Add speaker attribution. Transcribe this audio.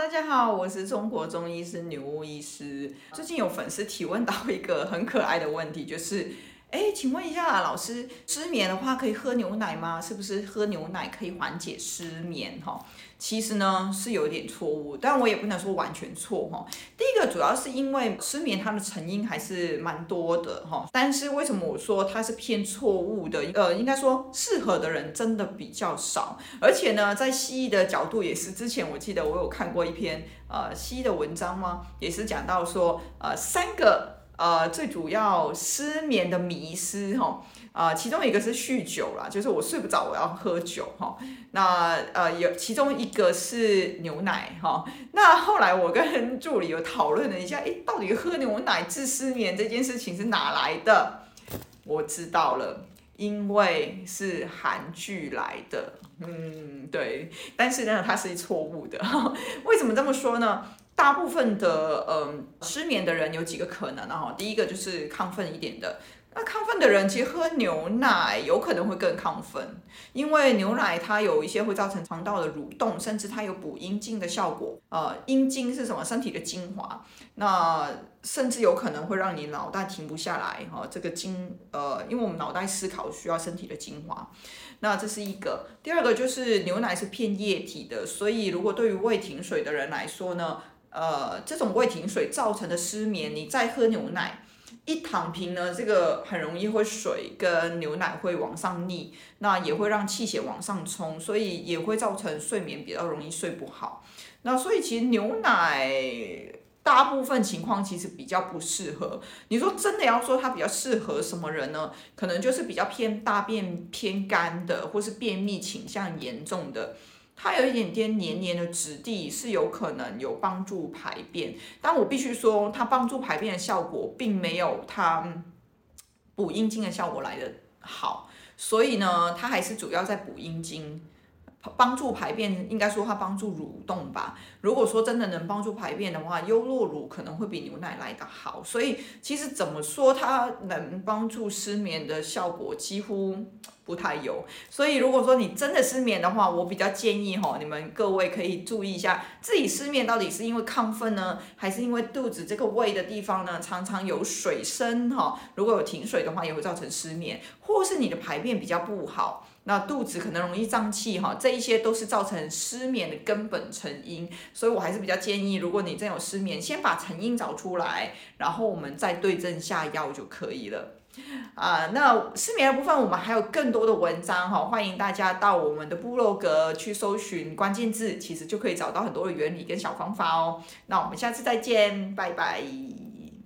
Speaker 1: 大家好，我是中國中醫師女巫醫師。最近有粉絲提問到一個很可愛的問題，就是。哎，請問一下老師，失眠的話可以喝牛奶嗎？是不是喝牛奶可以緩解失眠？哈，其實呢是有點錯誤，但我也不能說完全錯哈。第一個主要是因為失眠它的成因還是蠻多的哈，但是為什麼我說它是偏錯誤的？呃，應該說適合的人真的比較少，而且呢，在西醫的角度也是，之前我記得我有看過一篇呃西醫的文章嗎？也是講到說呃三個。呃，最主要失眠的迷思哈，啊、哦呃，其中一個是酗酒啦，就是我睡不着，我要喝酒哈、哦。那呃，有其中一個是牛奶哈、哦。那後來我跟助理有討論了一下，誒，到底喝牛奶治失眠這件事情是哪來的？我知道了，因為是韓劇來的，嗯，對，但是呢，它是錯誤的。為什麼這麼說呢？大部分的嗯、呃、失眠的人有幾個可能呢？哈、哦，第一個就是亢奮一點的。那亢奮的人其實喝牛奶有可能會更亢奮，因為牛奶它有一些會造成腸道的蠕動，甚至它有補陰精的效果。呃，陰精是什麼？身體的精華。那甚至有可能會讓你腦袋停不下來。哈、哦，這個精呃，因為我們腦袋思考需要身體的精華。那這是一個。第二個就是牛奶是偏液體的，所以如果對於胃停水的人來說呢，呃，這種胃停水造成的失眠，你再喝牛奶，一躺平呢，這個很容易會水跟牛奶會往上逆，那也會讓氣血往上衝，所以也會造成睡眠比較容易睡不好。那所以其實牛奶大部分情況其實比較不適合。你說真的要說它比較適合什麼人呢？可能就是比較偏大便偏乾的，或是便秘傾向嚴重的。它有一點點黏黏的質地，是有可能有幫助排便，但我必須說，它幫助排便的效果，並沒有它補陰精的效果來得好，所以呢，它還是主要在補陰精。幫助排便，應該說它幫助蠕動吧。如果說真的能幫助排便的話，優酪乳可能會比牛奶來得好。所以其實怎麼說，它能幫助失眠的效果幾乎不太有。所以如果說你真的失眠的話，我比較建議哈，你們各位可以注意一下，自己失眠到底是因為亢奮呢，還是因為肚子這個胃的地方呢，常常有水聲哈？如果有停水的話，也會造成失眠，或是你的排便比較不好。那肚子可能容易脹氣哈，這一些都是造成失眠的根本成因，所以我還是比較建議，如果你真有失眠，先把成因找出來，然後我們再對症下藥就可以了。啊、呃，那失眠的部分我們還有更多的文章哈，歡迎大家到我們的部落格去搜尋關鍵字，其實就可以找到很多的原理跟小方法哦。那我們下次再見，拜拜。